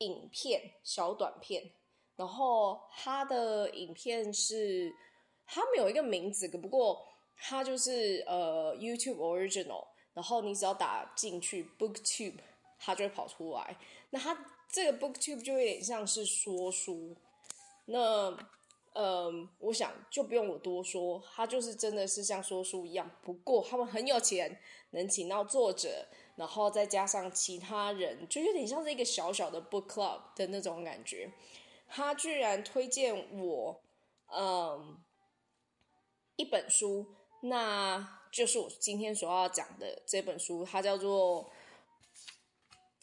影片小短片，然後他的影片是他沒有一個名字，不過他就是呃 YouTube Original，然後你只要打進去 BookTube，它就會跑出來。那他這個 BookTube 就有點像是說書，那嗯、呃，我想就不用我多說，他就是真的是像說書一樣。不過他們很有錢，能請到作者。然後再加上其他人，就有點像是一個小小的 book club 的那種感覺。他居然推薦我，嗯、um,，一本書，那就是我今天所要講的這本書，它叫做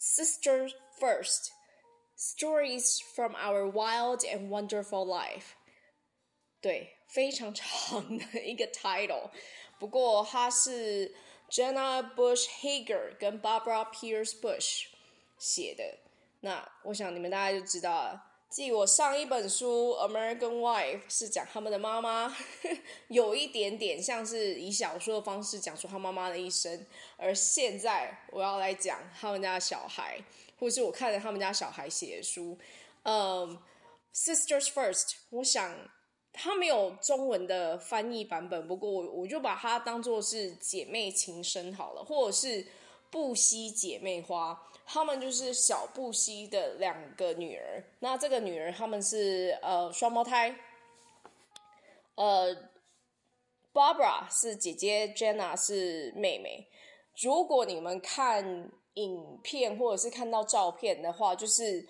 《Sisters First Stories from Our Wild and Wonderful Life》。對，非常長的一個 title，不過它是。Jenna Bush Hager 跟 Barbara Pierce Bush 寫的，那我想你們大家就知道了。繼我上一本書《American Wife》是講他們的媽媽， 有一點點像是以小說的方式講述他媽媽的一生。而現在我要來講他們家的小孩，或是我看着他們家小孩寫的書。嗯，《Sisters First》，我想。它沒有中文的翻譯版本，不過我就把它當做是姐妹情深好了，或者是布希姐妹花，她們就是小布希的兩個女兒。那這個女兒他們是呃雙胞胎，呃，Barbara 是姐姐，Jenna 是妹妹。如果你們看影片或者是看到照片的話，就是。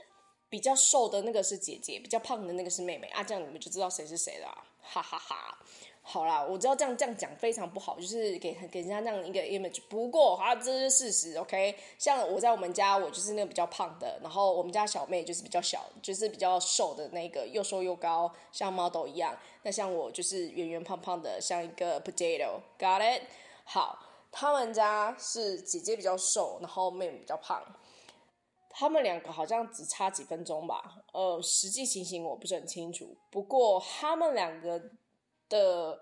比較瘦的那個是姐姐，比較胖的那個是妹妹啊，這樣你們就知道誰是誰了，哈哈哈哈。好啦，我知道這樣這樣講非常不好，就是給給人家那樣一個 image。不過啊，這是事實，OK。像我在我們家，我就是那個比較胖的，然後我們家小妹就是比較小，就是比較瘦的那個，又瘦又高，像 model 一樣。那像我就是圓圓胖胖的，像一個 potato，got it？好，他們家是姐姐比較瘦，然後妹妹比較胖。他們兩個好像只差幾分鐘吧，呃，實際情形我不是很清楚。不過他們兩個的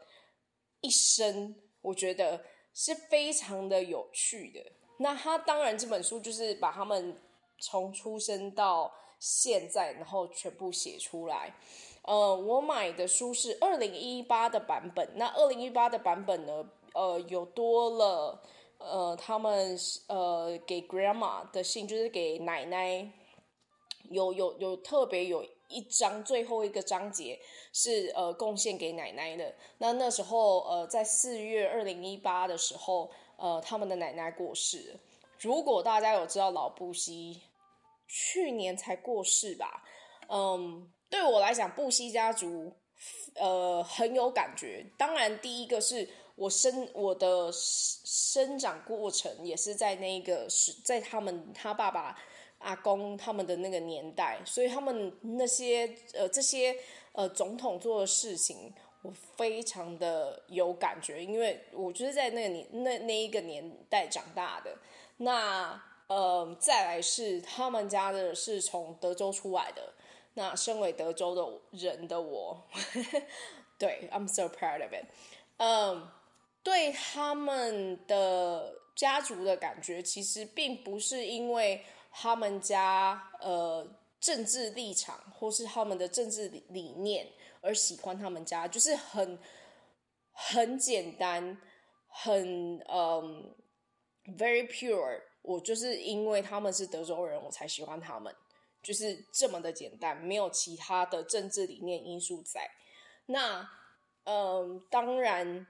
一生，我覺得是非常的有趣的。那他當然這本書就是把他們從出生到現在，然後全部寫出來。呃，我買的書是二零一八的版本。那二零一八的版本呢，呃，有多了。呃，他們呃給 grandma 的信就是給奶奶有，有有有特別有一章最後一個章節是呃貢獻給奶奶的。那那時候呃在四月二零一八的時候，呃他們的奶奶過世了。如果大家有知道老布希，去年才過世吧。嗯，對我來講布希家族呃很有感覺，當然第一個是。我生我的生長過程也是在那個是在他們他爸爸阿公他們的那個年代，所以他們那些呃這些呃總統做的事情，我非常的有感覺，因為我就是在那個年那那一個年代長大的。那呃、嗯，再來是他們家的是從德州出來的，那身為德州的人的我， 對，I'm so proud of it。嗯。對他們的家族的感覺，其實並不是因為他們家呃政治立場或是他們的政治理念而喜歡他們家，就是很很簡單，很嗯，very pure。我就是因為他們是德州人，我才喜歡他們，就是這麼的簡單，沒有其他的政治理念因素在。那嗯，當然。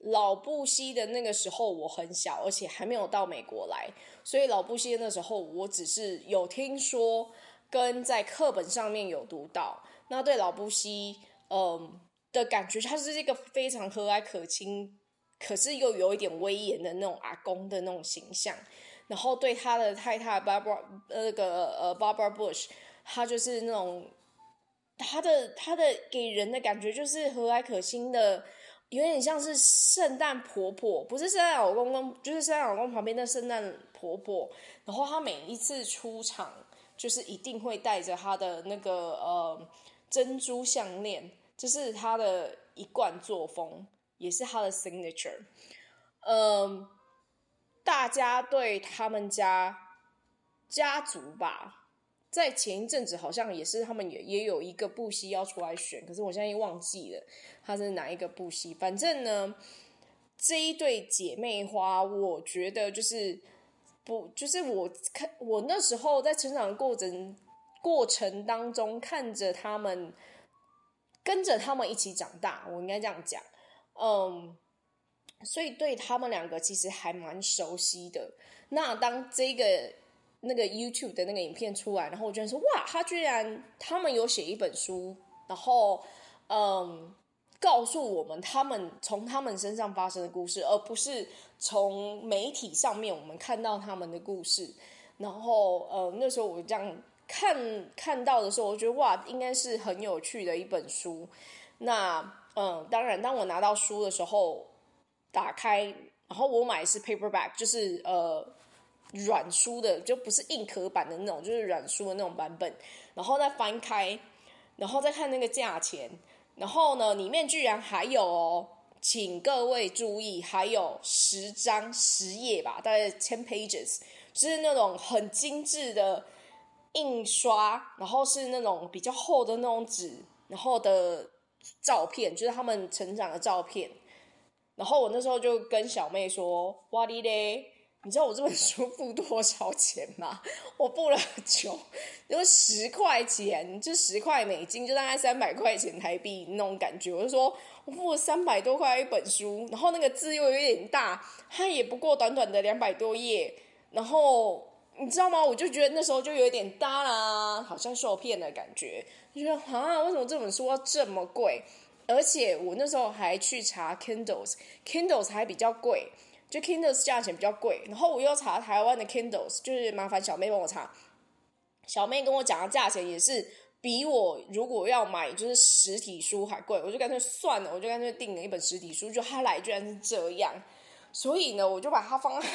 老布希的那個時候，我很小，而且還沒有到美國來，所以老布希那時候我只是有聽說，跟在課本上面有讀到。那對老布希，嗯，的感覺，他是一個非常和藹可親，可是又有一點威嚴的那種阿公的那種形象。然後對他的太太 Barbara，呃，那個呃 Barbara Bush，他就是那種他的他的給人的感覺就是和藹可親的。有點像是聖誕婆婆，不是聖誕老公公，就是聖誕老公旁邊那聖誕婆婆。然後她每一次出場，就是一定會帶着她的那個呃珍珠項鏈，這是她的一貫作風，也是她的 signature。嗯、呃，大家對他們家家族吧。在前一陣子，好像也是他們也也有一個布希要出來選，可是我現在又忘記了他是哪一個布希。反正呢，這一對姐妹花，我覺得就是不就是我看我那時候在成長過程過程當中看着他們，跟着他們一起長大，我應該這樣講，嗯，所以對他們兩個其實還蠻熟悉的。那當這個。那個 YouTube 的那個影片出來，然後我就說哇，他居然他們有寫一本書，然後嗯，告訴我們他們從他們身上發生的故事，而不是從媒體上面我們看到他們的故事。然後呃、嗯，那時候我這樣看看到的時候，我覺得哇，應該是很有趣的一本書。那嗯，當然，當我拿到書的時候，打開，然後我買的是 paperback，就是呃。軟書的，就不是硬殼版的那種，就是軟書的那種版本，然後再翻開，然後再看那個價錢，然後呢，裡面居然還有、哦，請各位注意，還有十張十頁吧，大概 ten pages，就是那種很精緻的印刷，然後是那種比較厚的那種紙，然後的照片，就是他們成長的照片，然後我那時候就跟小妹說，哇哩咧。你知道我這本書付多少錢嗎？我付了九，就十塊錢，就十塊美金，就大概三百塊錢台幣那種感覺。我就說，我付了三百多塊一本書，然後那個字又有點大，它也不過短短的兩百多頁。然後你知道嗎？我就覺得那時候就有點耷啦，好像受騙的感覺。就覺得啊，為什麼這本書要這麼貴？而且我那時候還去查 Kindles，Kindles 還比較貴。就 Kindles 價錢比較貴，然後我又查台灣的 Kindles，就是麻煩小妹幫我查，小妹跟我講的價錢也是比我如果要買就是實體書還貴，我就乾脆算了，我就乾脆訂了一本實體書。就它來居然是這樣，所以呢，我就把它放在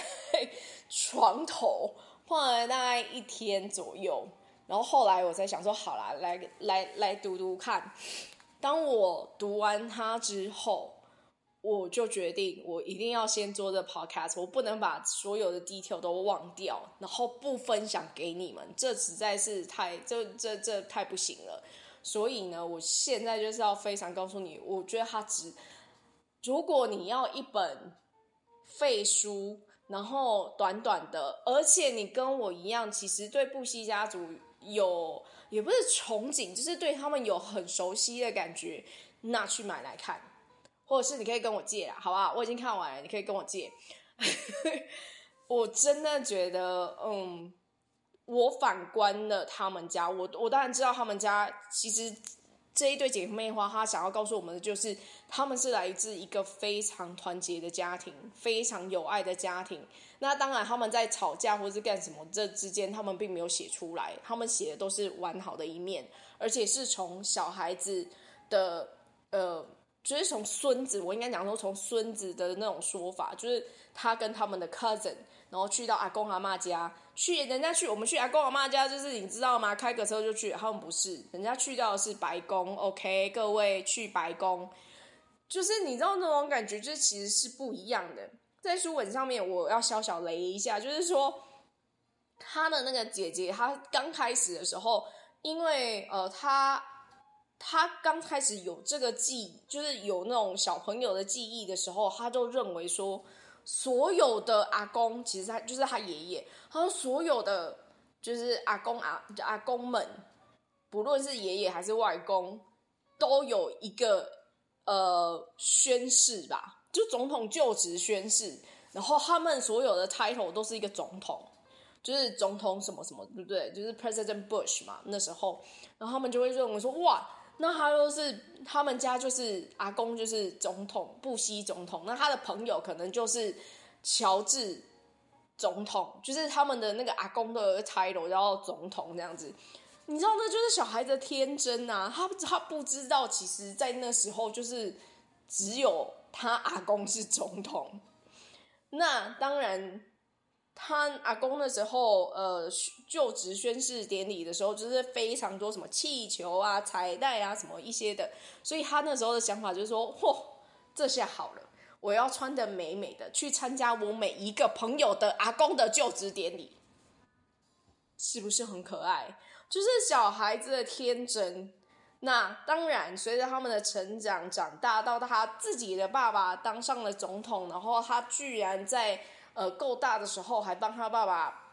床頭，放了大概一天左右，然後後來我才想說，好啦，來來來讀讀看。當我讀完它之後。我就決定，我一定要先做這 podcast，我不能把所有的 detail 都忘掉，然後不分享給你們，這實在是太，這這這太不行了。所以呢，我現在就是要非常告訴你，我覺得它值。如果你要一本廢書，然後短短的，而且你跟我一樣，其實對布希家族有也不是憧憬，就是對他們有很熟悉的感覺，那去買來看。或者是你可以跟我借啦，好吧？我已經看完了，你可以跟我借。 我真的覺得，嗯，我反觀了他們家，我我當然知道他們家其實這一對姐妹花，她想要告訴我們的就是，他們是來自一個非常團結的家庭，非常有愛的家庭。那當然，他們在吵架或是幹什麼，這之間他們並沒有寫出來，他們寫的都是完好的一面，而且是從小孩子的呃。就是從孫子，我應該講說從孫子的那種說法，就是他跟他們的 cousin，然後去到阿公阿嬤家，去人家去我們去阿公阿嬤家，就是你知道嗎？開個車就去，他們不是，人家去到的是白宮，OK，各位去白宮，就是你知道那種感覺，就是其實是不一樣的。在書本上面，我要小小雷一下，就是說他的那個姐姐，她剛開始的時候，因為呃，她。他剛開始有這個記憶，就是有那種小朋友的記憶的時候，他就認為說，所有的阿公其實他就是他爺爺，他說所有的就是阿公阿阿公們，不論是爺爺還是外公，都有一個呃宣誓吧，就總統就職宣誓，然後他們所有的 title 都是一個總統，就是總統什麼什麼，對不對？就是 President Bush 嘛，那時候，然後他們就會認為說，哇。那他又、就是他們家就是阿公就是總統布希總統，那他的朋友可能就是喬治總統，就是他們的那個阿公的 title 叫做總統這樣子，你知道那就是小孩子天真啊，他他不知道，其實在那時候就是只有他阿公是總統，那當然。他阿公那時候，呃，就職宣誓典禮的時候，就是非常多什麼氣球啊、彩帶啊什麼一些的，所以他那時候的想法就是說：嚯、哦，這下好了，我要穿得美美的去參加我每一個朋友的阿公的就職典禮，是不是很可愛？就是小孩子的天真。那當然，隨着他們的成長長大，到他自己的爸爸當上了總統，然後他居然在。呃，夠大的時候還幫他爸爸，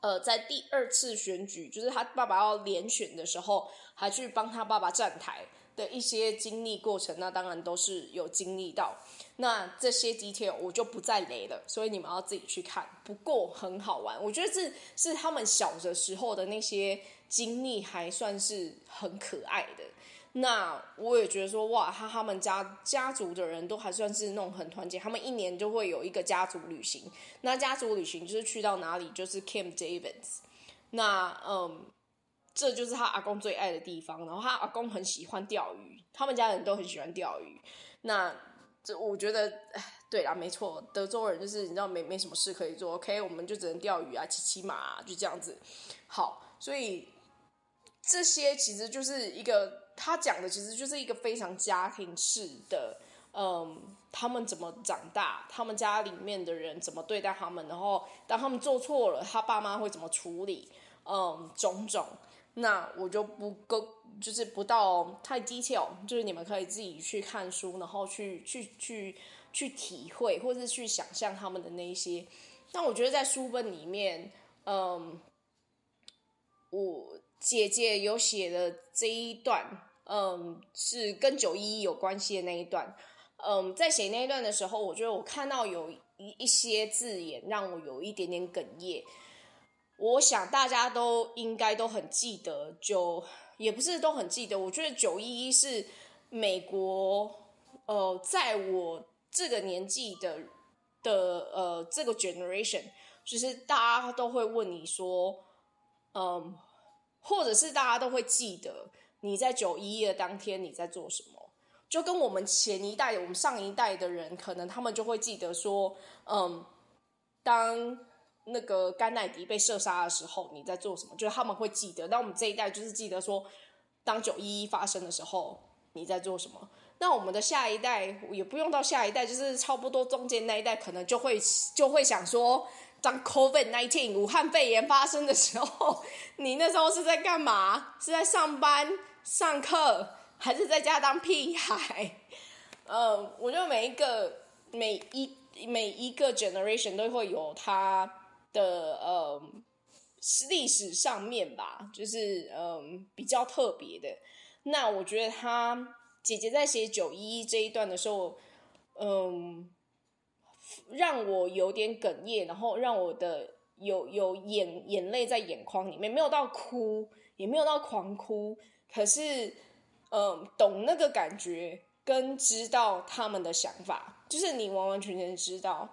呃，在第二次選舉，就是他爸爸要連選的時候，還去幫他爸爸站台的一些經歷過程，那當然都是有經歷到。那這些 detail 我就不再雷了，所以你們要自己去看。不過很好玩，我覺得這是他們小的時候的那些經歷，還算是很可愛的。那我也覺得說，哇，他他們家家族的人都還算是那種很團結。他們一年就會有一個家族旅行。那家族旅行就是去到哪裡，就是 Camp David。那嗯，這就是他阿公最愛的地方。然後他阿公很喜歡釣魚，他們家人都很喜歡釣魚。那這我覺得，哎，對啦，沒錯，德州人就是你知道沒沒什麼事可以做，OK，我們就只能釣魚啊，騎騎馬啊，就這樣子。好，所以這些其實就是一個。他講的其實就是一個非常家庭式的，嗯，他們怎麼長大，他們家裡面的人怎麼對待他們，然後當他們做錯了，他爸媽會怎麼處理，嗯，種種。那我就不夠，就是不到太 detail，就是你們可以自己去看書，然後去去去去體會，或是去想象他們的那一些。但我覺得在書本裡面，嗯，我。姐姐有寫的這一段，嗯，是跟九一一有關係的那一段，嗯，在寫那一段的時候，我覺得我看到有一一些字眼，讓我有一點點哽咽。我想大家都應該都很記得，就也不是都很記得。我覺得九一一是美國，呃，在我這個年紀的的呃這個 generation，就是大家都會問你說，嗯。或者是大家都會記得你在九一一的當天，你在做什麼，就跟我們前一代、我們上一代的人，可能他們就會記得說，嗯，當那個甘迺迪被射殺的時候，你在做什麼？就是他們會記得。那我們這一代就是記得說，當九一一發生的時候，你在做什麼？那我們的下一代，也不用到下一代，就是差不多中間那一代，可能就會就會想說，當 COVID-19 武漢肺炎發生的時候，你那時候是在幹嘛？是在上班、上課，還是在家當屁孩？嗯，我覺得每一個、每一每一個 generation 都會有它的嗯歷史上面吧，就是嗯比較特別的。那我覺得他姐姐在寫九一一這一段的時候，嗯。讓我有點哽咽，然後讓我的有有眼眼淚在眼眶裡面，沒有到哭，也沒有到狂哭，可是，嗯，懂那個感覺，跟知道他們的想法，就是你完完全全知道。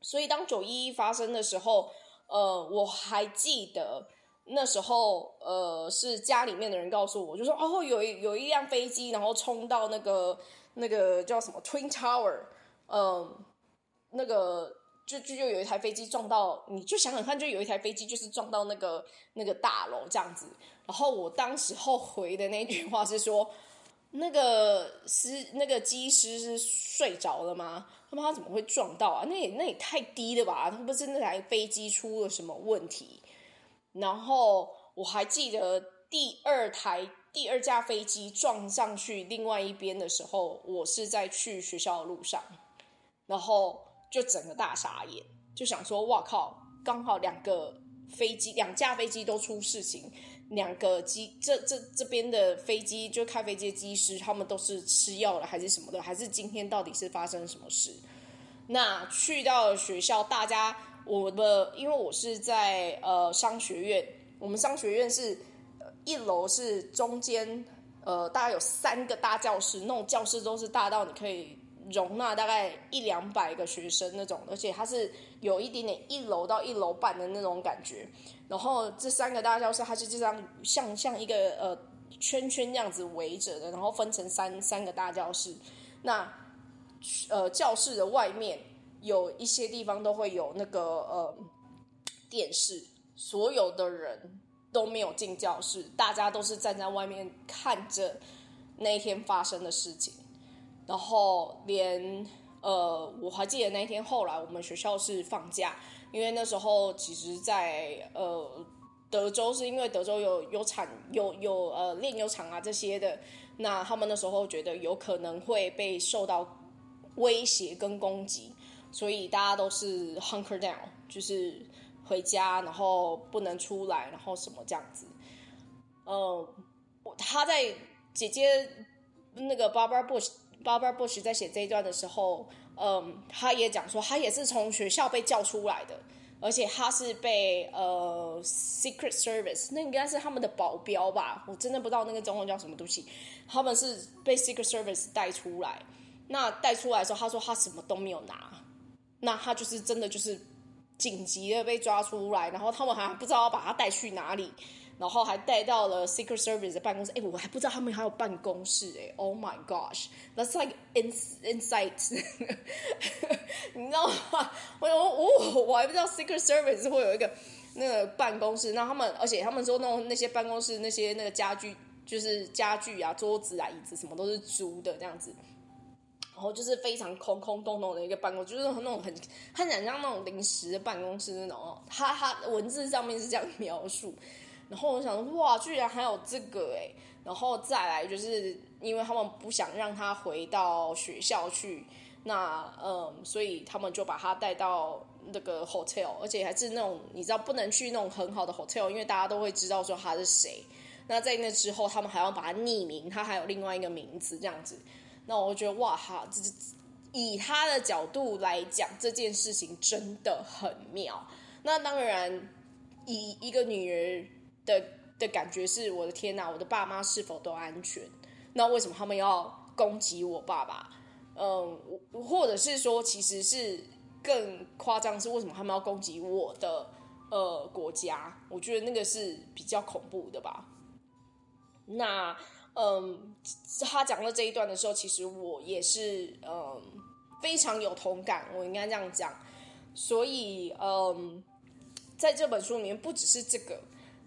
所以當九一一發生的時候，呃，我還記得那時候，呃，是家裡面的人告訴我，就是說哦，有有一輛飛機，然後衝到那個那個叫什麼 Twin Tower，嗯。那個就就就有一台飛機撞到，你就想想看，就有一台飛機就是撞到那個那個大樓這樣子。然後我當時後悔的那句話是說，那個司那個機師是睡着了嗎？他媽怎麼會撞到啊？那也那也太低了吧？他不是那台飛機出了什麼問題？然後我還記得第二台第二架飛機撞上去另外一邊的時候，我是在去學校的路上，然後。就整個大傻眼，就想說：“哇靠！剛好兩個飛機，兩架飛機都出事情，兩個機這這這邊的飛機就開飛機的機師，他們都是吃藥了還是什麼的？還是今天到底是發生什麼事？”那去到學校，大家我的因為我是在呃商學院，我們商學院是一樓是中間呃，大概有三個大教室，那種教室都是大到你可以容納大概一兩百個學生那種，而且它是有一點點一樓到一樓半的那種感覺。然後這三個大教室，它是就像像像一個呃圈圈這樣子圍着的，然後分成三三個大教室。那呃教室的外面有一些地方都會有那個呃電視，所有的人都沒有進教室，大家都是站在外面看着那天發生的事情。然後連呃，我還記得那一天。後來我們學校是放假，因為那時候其實在，在呃德州，是因為德州有有產有有呃煉油廠啊這些的，那他們那時候覺得有可能會被受到威脅跟攻擊，所以大家都是 hunker down，就是回家，然後不能出來，然後什麼這樣子。嗯、呃，他在姐姐那個 Barbara Bush。Barbara Bush 在寫這一段的時候，嗯，他也講說，他也是從學校被叫出來的，而且他是被呃 Secret Service，那應該是他們的保鏢吧，我真的不知道那個中文叫什麼東西，他們是被 Secret Service 帶出來，那帶出來的時候，他說他什麼都沒有拿，那他就是真的就是緊急的被抓出來，然後他們還不知道要把他帶去哪裡。然後還帶到了 Secret Service 的辦公室，哎，我還不知道他們還有辦公室，欸，哎，Oh my gosh，that's like ins insight， 你知道嗎？我我、哦、我還不知道 Secret Service 會有一個那個辦公室，那他們，而且他們說那種，那些辦公室那些那個家具，就是家具啊、桌子啊、椅子什麼都是租的這樣子，然後就是非常空空洞洞的一個辦公室，就是很那種很很像像那種臨時的辦公室那種，他他文字上面是這樣描述。然後我想，哇，居然還有這個哎！然後再來，就是因為他們不想讓他回到學校去，那嗯，所以他們就把他帶到那個 hotel，而且還是那種你知道不能去那種很好的 hotel，因為大家都會知道說他是誰。那在那之後，他們還要把他匿名，他還有另外一個名字這樣子。那我就覺得，哇，哈，這，以他的角度來講，這件事情真的很妙。那當然，以一個女人。的的感覺是我的天哪，我的爸媽是否都安全？那為什麼他們要攻擊我爸爸？嗯，或者是說，其實是更誇張，是為什麼他們要攻擊我的呃國家？我覺得那個是比較恐怖的吧。那嗯，他講到這一段的時候，其實我也是嗯非常有同感，我應該這樣講。所以嗯，在這本書裡面，不只是這個。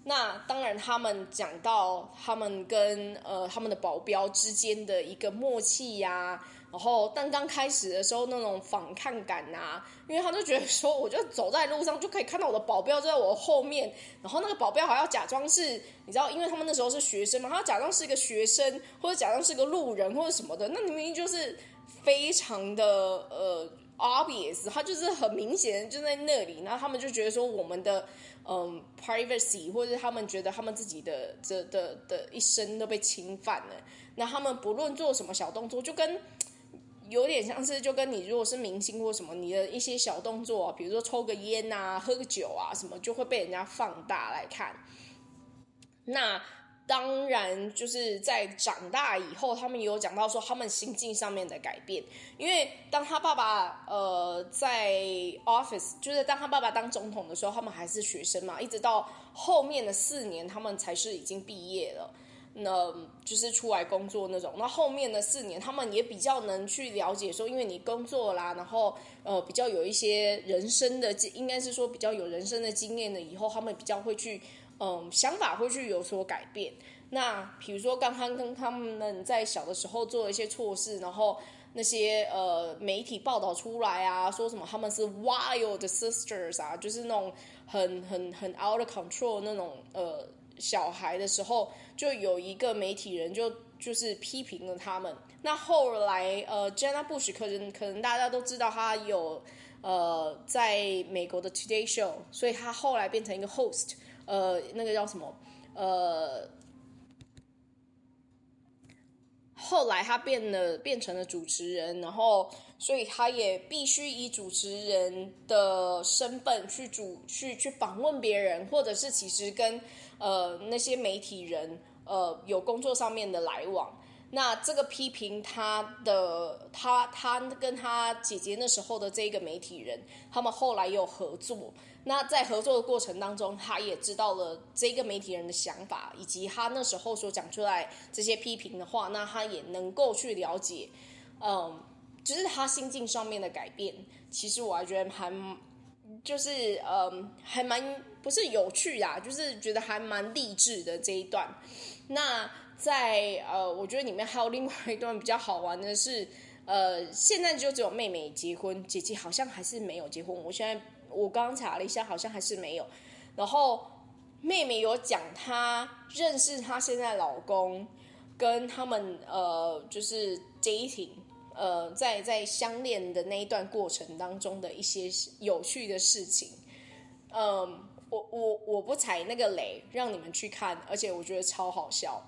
那當然，他們講到他們跟呃他們的保鏢之間的一個默契呀、啊，然後但剛開始的時候那種反抗感吶、啊，因為他就覺得說，我就走在路上就可以看到我的保鏢在我的後面，然後那個保鏢還要假裝是，你知道，因為他們那時候是學生嘛，他要假裝是一個學生或者假裝是一個路人或者什麼的，那明明就是非常的呃。obvious，他就是很明顯就在那裡，然後他們就覺得說我們的嗯 privacy，或者他們覺得他們自己的這的的一生都被侵犯了，那他們不論做什麼小動作，就跟有點像是就跟你如果是明星或什麼，你的一些小動作啊，比如說抽個煙啊、喝個酒啊什麼，就會被人家放大來看，那。當然，就是在長大以後，他們也有講到說他們心境上面的改變。因為當他爸爸呃在 office，就是當他爸爸當總統的時候，他們還是學生嘛。一直到後面的四年，他們才是已經畢業了，那就是出來工作那種。那後面的四年，他們也比較能去了解說，因為你工作啦，然後呃比較有一些人生的，應該是說比較有人生的經驗的，以後他們比較會去。嗯，想法會去有所改變。那比如說，剛剛跟他們在小的時候做了一些錯事，然後那些呃媒體報道出來啊，說什麼他們是 wild sisters 啊，就是那種很很很 out of control 那種呃小孩的時候，就有一個媒體人就就是批評了他們。那後來呃，Jenna Bush 可能可能大家都知道她有呃在美國的 Today Show，所以她後來變成一個 host。呃，那個叫什麼？呃，後來他變了，變成了主持人，然後所以他也必須以主持人的身份去主去去訪問別人，或者是其實跟呃那些媒體人呃有工作上面的來往。那這個批評他的，他他跟他姐姐那時候的這一個媒體人，他們後來有合作。那在合作的過程當中，他也知道了這個媒體人的想法，以及他那時候所講出來這些批評的話，那他也能夠去了解，嗯，就是他心境上面的改變。其實我還覺得還就是嗯，還蠻不是有趣啊，就是覺得還蠻勵志的這一段。那在呃，我覺得裡面還有另外一段比較好玩的是，呃，現在就只有妹妹結婚，姐姐好像還是沒有結婚。我現在。我剛查了一下，好像還是沒有。然後妹妹有講她，她認識她現在的老公，跟他們呃，就是 dating，呃，在在相戀的那一段過程當中的一些有趣的事情。嗯，我我我不踩那個雷，讓你們去看，而且我覺得超好笑。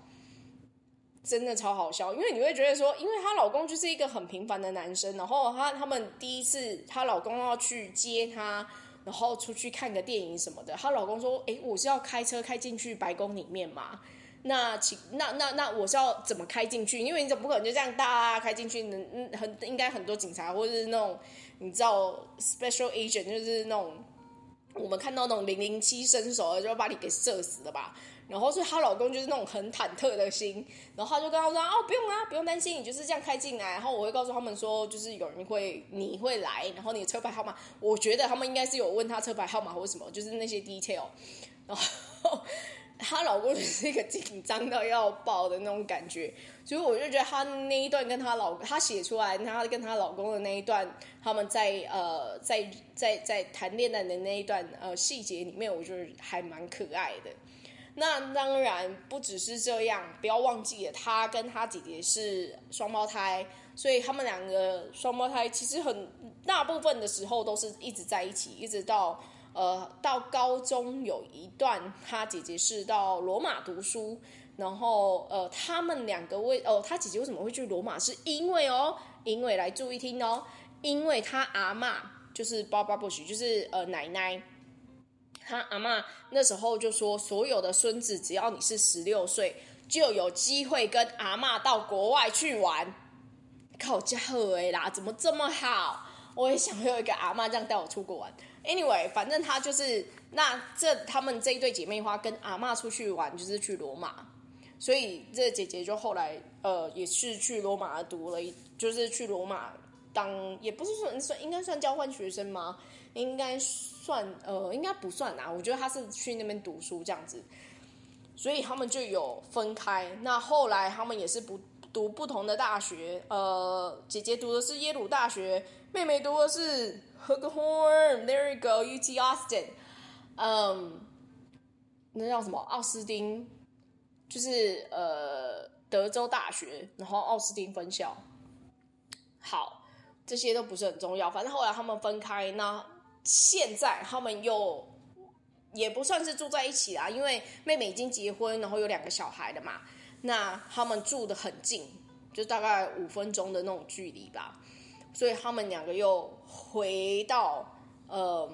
真的超好笑，因為你會覺得說，因為她老公就是一個很平凡的男生，然後她他，他們第一次她老公要去接她，然後出去看個電影什麼的，她老公說：“誒、欸，我是要開車開進去白宮裡面嘛？那請那那那，那我是要怎麼開進去？因為你總不可能就這樣大、啊、開進去能，能很應該很多警察或者是那種你知道 special agent 就是那種我們看到那種零零七伸手就要把你給射死了吧。”然後所以她老公就是那種很忐忑的心，然後她就跟她說：“哦，不用啊，不用擔心，你就是這樣開進來，然後我會告訴他們說，就是有人會你會來，然後你的車牌號碼，我覺得他們應該是有問他車牌號碼或什麼，就是那些 detail。然後她老公就是一個緊張到要爆的那種感覺，所以我就覺得她那一段跟她老她寫出來，她跟她老公的那一段，他們在呃在在在在談戀愛的那一段呃細節裡面，我就是還蠻可愛的。”那當然不只是這樣，不要忘記了，他跟他姐姐是雙胞胎，所以他們兩個雙胞胎其實很大部分的時候都是一直在一起，一直到呃到高中有一段，他姐姐是到羅馬讀書，然後呃他們兩個為哦、呃、他姐姐為什麼會去羅馬？是因為哦，因為來注意聽哦，因為他阿嬤就是芭芭拉布希，就是呃奶奶。他阿媽那時候就說，所有的孫子只要你是十六歲，就有機會跟阿媽到國外去玩。靠，好家伙哎啦，怎麼這麼好？我也想要一個阿媽這樣帶我出國玩。Anyway，反正她就是那這他們這一對姐妹花跟阿媽出去玩就是去羅馬，所以這姐姐就後來呃也是去羅馬讀了，就是去羅馬當也不是說算應該算交換學生嗎？應該算呃，應該不算啦、啊。我覺得他是去那邊讀書這樣子，所以他們就有分開。那後來他們也是不讀不同的大學。呃，姐姐讀的是耶魯大學，妹妹讀的是 Hoghorn。There you go, UT Austin。嗯，那叫什麼？奧斯汀？就是呃德州大學，然後奧斯汀分校。好，這些都不是很重要。反正後來他們分開那。現在他們又也不算是住在一起啦，因為妹妹已經結婚，然後有兩個小孩了嘛。那他們住得很近，就大概五分鐘的那種距離吧。所以他們兩個又回到呃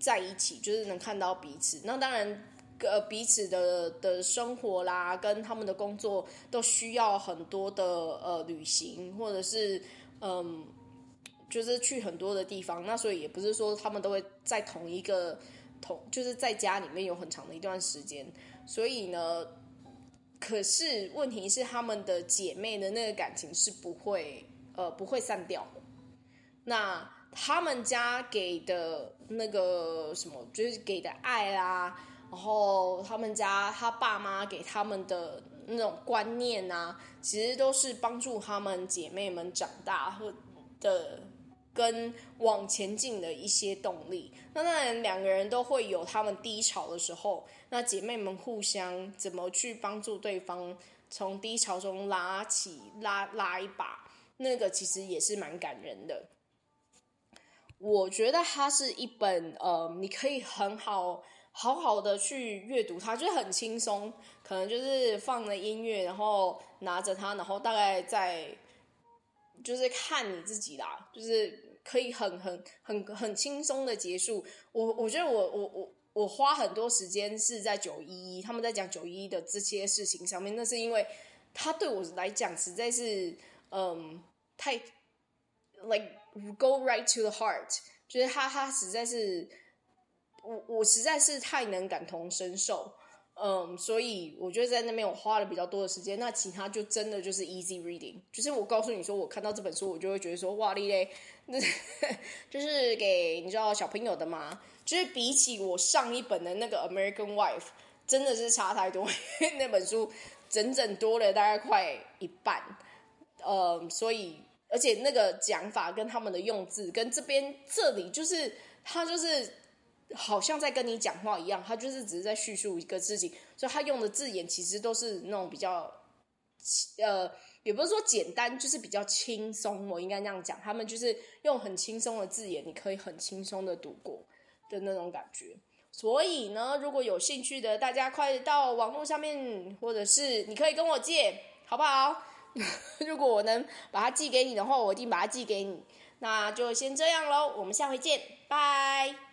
在一起，就是能看到彼此。那當然，呃彼此的的生活啦，跟他們的工作都需要很多的呃旅行，或者是嗯。呃就是去很多的地方，那所以也不是說他們都會在同一個同，就是在家裡面有很長的一段時間。所以呢，可是問題是，他們的姐妹的那個感情是不會，呃，不會散掉。那他們家給的那個什麼，就是給的愛啊，然後他們家他爸媽給他們的那種觀念啊，其實都是幫助他們姐妹們長大的。跟往前進的一些動力，那當然兩個人都會有他們低潮的時候，那姐妹們互相怎麼去幫助對方從低潮中拉起拉拉一把，那個其實也是蠻感人的。我覺得它是一本呃，你可以很好好好的去閱讀它，就很輕鬆，可能就是放了音樂，然後拿着它，然後大概在。就是看你自己啦，就是可以很很很很輕鬆的結束。我我覺得我我我我花很多時間是在九一一，他們在講九一一的這些事情上面，那是因為他對我來講實在是，嗯，太 like go right to the heart，就是他他實在是，我我實在是太能感同身受。嗯，所以我覺得在那邊我花了比較多的時間。那其他就真的就是 easy reading，就是我告訴你說，我看到這本書，我就會覺得說哇哩咧，就是給你知道小朋友的嘛。就是比起我上一本的那個 American Wife，真的是差太多。那本書整整多了大概快一半。嗯，所以而且那個講法跟他們的用字跟這邊這裡就是，他就是。好像在跟你講話一樣，他就是只是在敘述一個事情，所以他用的字眼其實都是那種比較呃，也不是說簡單，就是比較輕鬆。我應該那樣講，他們就是用很輕鬆的字眼，你可以很輕鬆的讀過的那種感覺。所以呢，如果有興趣的大家，快到網絡上面，或者是你可以跟我借，好不好？ 如果我能把它寄給你的話，我一定把它寄給你。那就先這樣嘍，我們下回見，拜。